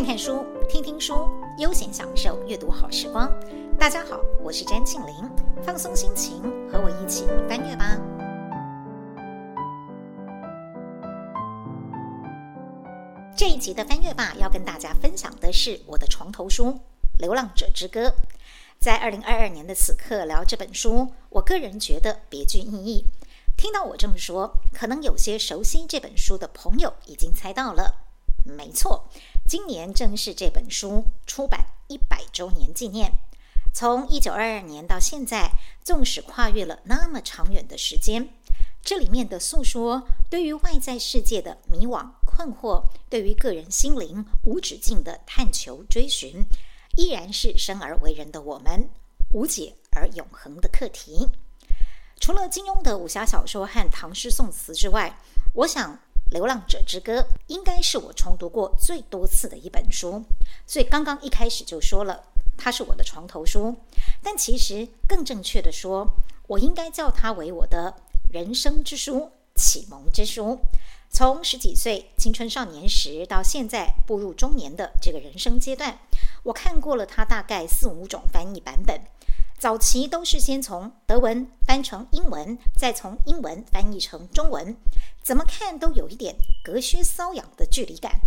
看看書，聽聽書，悠閒享受閱讀好時光。大家好，我是詹慶林，放鬆心情，和我一起翻閱吧。這一集的翻閱吧，要跟大家分享的是我的床頭書《流浪者之歌》。在二零二二年的此刻聊這本書，我個人覺得別具意義。聽到我這麼說，可能有些熟悉這本書的朋友已經猜到了，沒錯。今年正是這本書出版一百周年紀念。從一九二二年到現在，縱使跨越了那麼長遠的時間，這裡面的訴說，對於外在世界的迷惘困惑，對於個人心靈無止境的探求追尋，依然是生而為人的我們無解而永恆的課題。除了金庸的武俠小說和唐詩宋詞之外，我想。《流浪者之歌》應該是我重讀過最多次的一本書，所以剛剛一開始就說了，它是我的床頭書。但其實更正確的說，我應該叫它為我的人生之書、啟蒙之書。從十幾歲青春少年時到現在步入中年的這個人生階段，我看過了它大概四五種翻譯版本。早期都是先從德文翻成英文，再從英文翻譯成中文，怎麼看都有一點隔靴搔癢的距離感。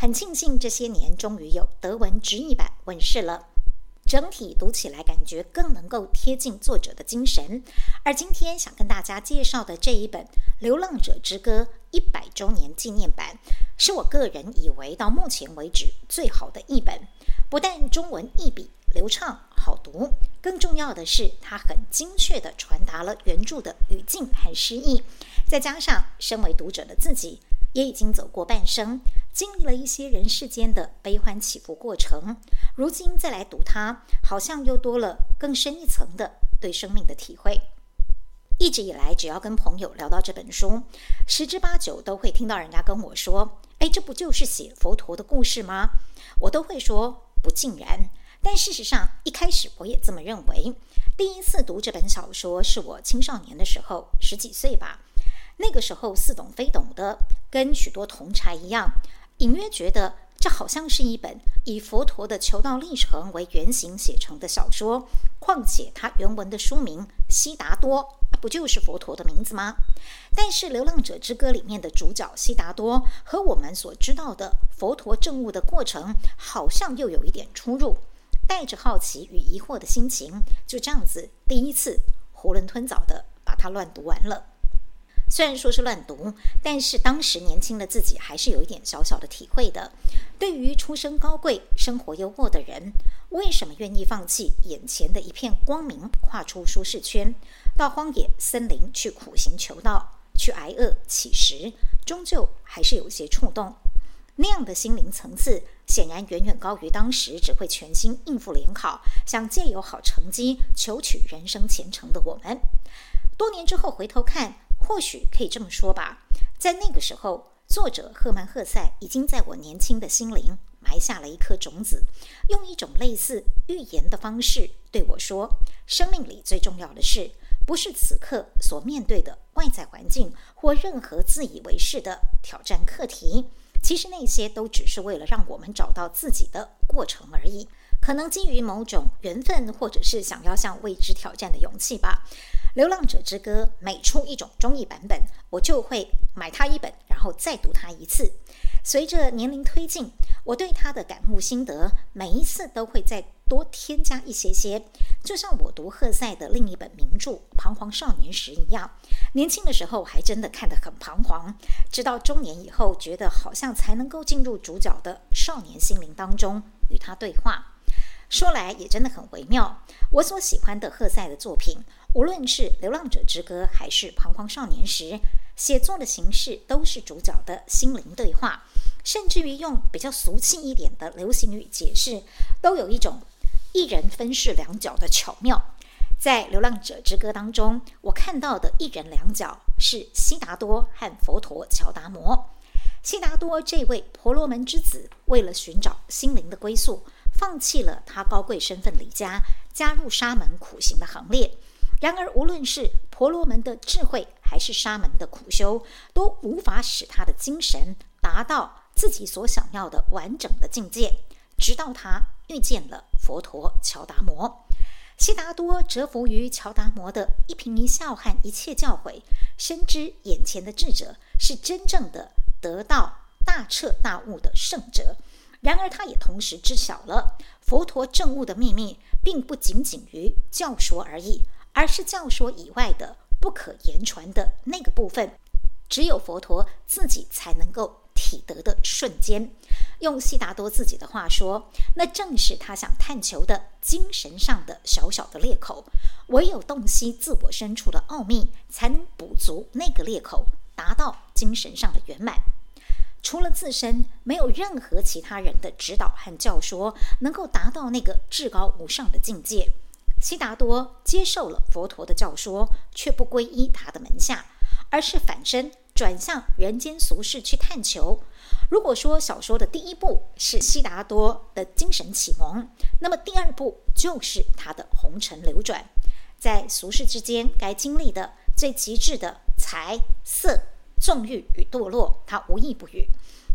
很慶幸這些年終於有德文直譯版問世了，整體讀起來感覺更能夠貼近作者的精神。而今天想跟大家介紹的這一本《流浪者之歌》一百周年紀念版，是我個人以為到目前為止最好的一本，不但中文譯筆流暢好讀，更重要的是，它很精確地傳達了原著的語境和詩意。再加上身為讀者的自己，也已經走過半生，經歷了一些人世間的悲歡起伏過程，如今再來讀它，好像又多了更深一層的對生命的體會。一直以來，只要跟朋友聊到這本書，十之八九都會聽到人家跟我說：“誒，這不就是寫佛陀的故事嗎？”我都會說：“不盡然。”但事實上，一開始我也這麼認為。第一次讀這本小說是我青少年的時候，十幾歲吧。那個時候似懂非懂的，跟許多同儕一樣，隱約覺得這好像是一本以佛陀的求道歷程為原型寫成的小說。況且它原文的書名《悉達多》不就是佛陀的名字嗎？但是《流浪者之歌》裡面的主角悉達多和我們所知道的佛陀證悟的過程，好像又有一點出入。帶着好奇與疑惑的心情，就這樣子第一次囫圇吞棗地把它亂讀完了。雖然說是亂讀，但是當時年輕的自己還是有一點小小的體會的。對於出身高貴、生活優渥的人，為什麼願意放棄眼前的一片光明，跨出舒適圈，到荒野森林去苦行求道，去挨餓乞食，終究還是有一些觸動。那樣的心靈層次，顯然遠遠高於當時只會全心應付聯考，想借由好成績求取人生前程的我們。多年之後回頭看，或許可以這麼說吧：在那個時候，作者赫曼·赫塞已經在我年輕的心靈埋下了一顆種子，用一種類似預言的方式對我說：“生命裡最重要的事，不是此刻所面對的外在環境或任何自以為是的挑戰課題。”其實那些都只是為了讓我們找到自己的過程而已，可能基於某種緣分，或者是想要向未知挑戰的勇氣吧。《流浪者之歌》每出一種中譯版本，我就會，買他一本，然後再讀他一次。隨着年齡推進，我對他的感悟心得，每一次都會再多添加一些些。就像我讀赫塞的另一本名著《彷徨少年時》一樣，年輕的時候還真的看得很彷徨，直到中年以後，覺得好像才能夠進入主角的少年心靈當中與他對話。說來也真的很微妙。我所喜歡的赫塞的作品，無論是《流浪者之歌》還是《彷徨少年時》。寫作的形式都是主角的心靈對話，甚至於用比較俗氣一點的流行語解釋，都有一種一人分飾兩角的巧妙。在《流浪者之歌》當中，我看到的一人兩角是悉達多和佛陀喬達摩。悉達多這位婆羅門之子，為了尋找心靈的歸宿，放棄了他高貴身份，離家加入沙門苦行的行列。然而，無論是婆羅門的智慧，還是沙門的苦修，都無法使他的精神達到自己所想要的完整的境界。直到他遇見了佛陀喬達摩，悉達多折服於喬達摩的一顰一笑和一切教誨，深知眼前的智者是真正的得道、大徹大悟的聖者。然而，他也同時知曉了佛陀證悟的秘密，並不僅僅於教說而已。而是教說以外的不可言傳的那個部分，只有佛陀自己才能夠體得的瞬間。用悉達多自己的話說，那正是他想探求的精神上的小小的裂口。唯有洞悉自我深處的奧秘，才能補足那個裂口，達到精神上的圓滿。除了自身，沒有任何其他人的指導和教說能夠達到那個至高無上的境界。悉達多接受了佛陀的教說，卻不皈依他的門下，而是反身轉向人間俗世去探求。如果說小說的第一部是悉達多的精神啟蒙，那麼第二部就是他的紅塵流轉，在俗世之間該經歷的最極致的財色縱欲與墮落，他無一不遇。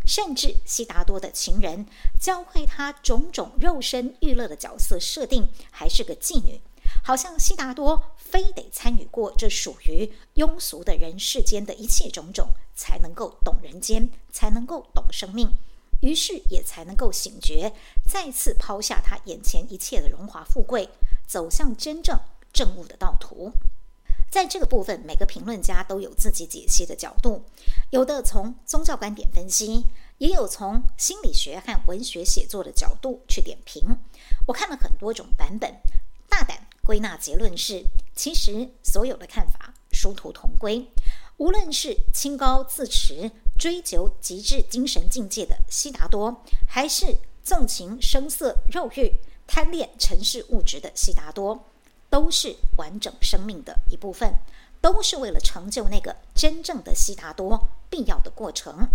甚至悉達多的情人，教會他種種肉身娛樂的角色設定，還是個妓女。好像悉達多非得參與過這屬於庸俗的人世間的一切種種，才能夠懂人間，才能夠懂生命，於是也才能夠醒覺，再次拋下他眼前一切的榮華富貴，走向真正證悟的道途。在這個部分，每個評論家都有自己解析的角度，有的從宗教觀點分析，也有從心理學和文學寫作的角度去點評。我看了很多種版本，大膽歸納結論是：其實所有的看法殊途同歸。無論是清高自持、追求極致精神境界的悉達多，還是縱情聲色肉慾、貪戀塵世物質的悉達多。都是完整生命的一部分，都是為了成就那個真正的悉達多必要的過程。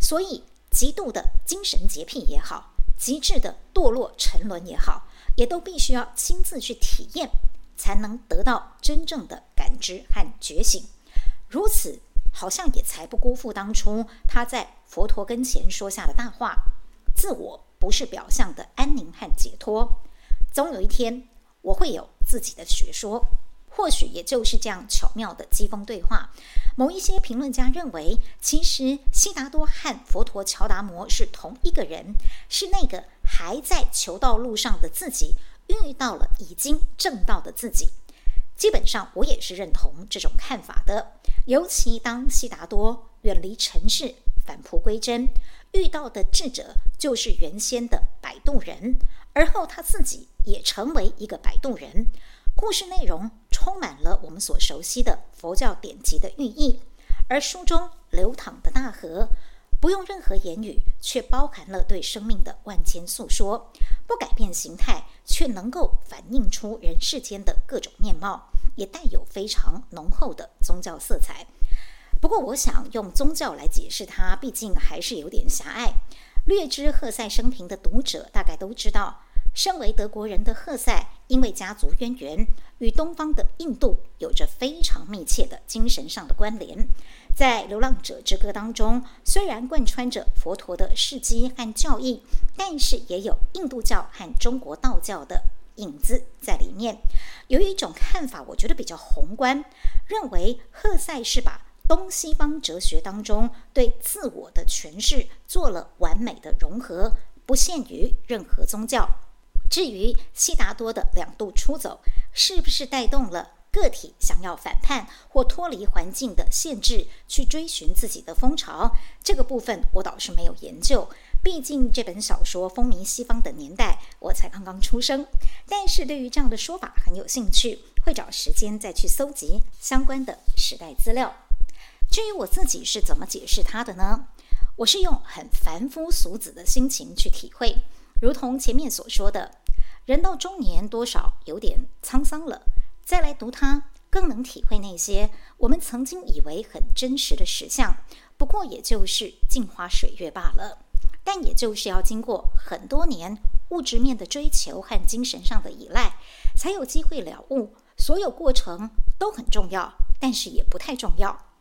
所以，極度的精神潔癖也好，極致的墮落沉淪也好，也都必須要親自去體驗，才能得到真正的感知和覺醒。如此，好像也才不辜負當初他在佛陀跟前說下的大話：自我不是表象的安寧和解脫。總有一天。我會有自己的學說，或許也就是這樣巧妙的機鋒對話。某一些評論家認為，其實悉達多和佛陀喬達摩是同一個人，是那個還在求道路上的自己遇到了已經證道的自己。基本上，我也是認同這種看法的。尤其當悉達多遠離塵世，返璞歸真。遇到的智者就是原先的擺渡人，而後他自己也成為一個擺渡人。故事內容充滿了我們所熟悉的佛教典籍的寓意，而書中流淌的大河，不用任何言語，卻包含了對生命的萬千訴說；不改變形態，卻能夠反映出人世間的各種面貌，也帶有非常濃厚的宗教色彩。不過，我想用宗教來解釋它，畢竟還是有點狹隘。略知赫塞生平的讀者大概都知道，身為德國人的赫塞，因為家族淵源，與東方的印度有着非常密切的精神上的關聯。在《流浪者之歌》當中，雖然貫穿着佛陀的事蹟和教義，但是也有印度教和中國道教的影子在裡面。有一種看法，我覺得比較宏觀，認為赫塞是把東西方哲學當中對自我的詮釋做了完美的融合，不限於任何宗教。至於悉達多的兩度出走，是不是帶動了個體想要反叛或脫離環境的限制，去追尋自己的風潮？這個部分我倒是沒有研究，畢竟這本小說風靡西方的年代，我才剛剛出生。但是對於這樣的說法很有興趣，會找時間再去蒐集相關的時代資料。至於我自己是怎麼解釋他的呢？我是用很凡夫俗子的心情去體會，如同前面所說的，人到中年多少有點滄桑了，再來讀他，更能體會那些我們曾經以為很真實的實相，不過也就是鏡花水月罷了。但也就是要經過很多年物質面的追求和精神上的依賴，才有機會了悟。所有過程都很重要，但是也不太重要。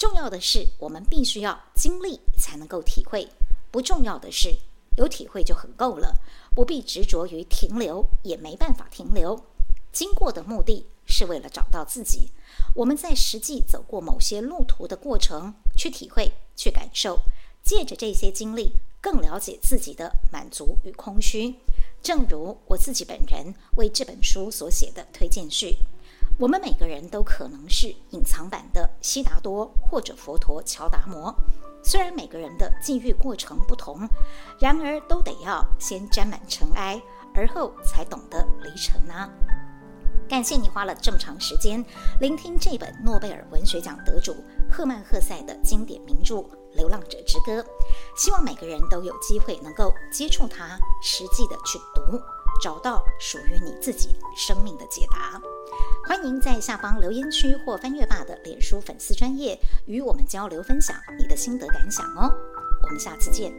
重要的是，我們必須要經歷才能夠體會；不重要的是，有體會就很夠了，不必執着於停留，也沒辦法停留。經過的目的是為了找到自己。我們在實際走過某些路途的過程，去體會、去感受，借着這些經歷，更了解自己的滿足與空虛。正如我自己本人為這本書所寫的推薦序，我們每個人都可能是隱藏版的。悉達多或者佛陀喬達摩，雖然每個人的際遇過程不同，然而都得要先沾滿塵埃，而後才懂得離塵吶、啊。感謝你花了這麼長時間聆聽這本諾貝爾文學獎得主赫曼·赫塞的經典名著《流浪者之歌》，希望每個人都有機會能夠接觸它，實際的去讀。找到屬於你自己生命的解答。歡迎在下方留言區或翻閱 BAR 的臉書粉絲專頁與我們交流分享你的心得感想哦。我們下次見。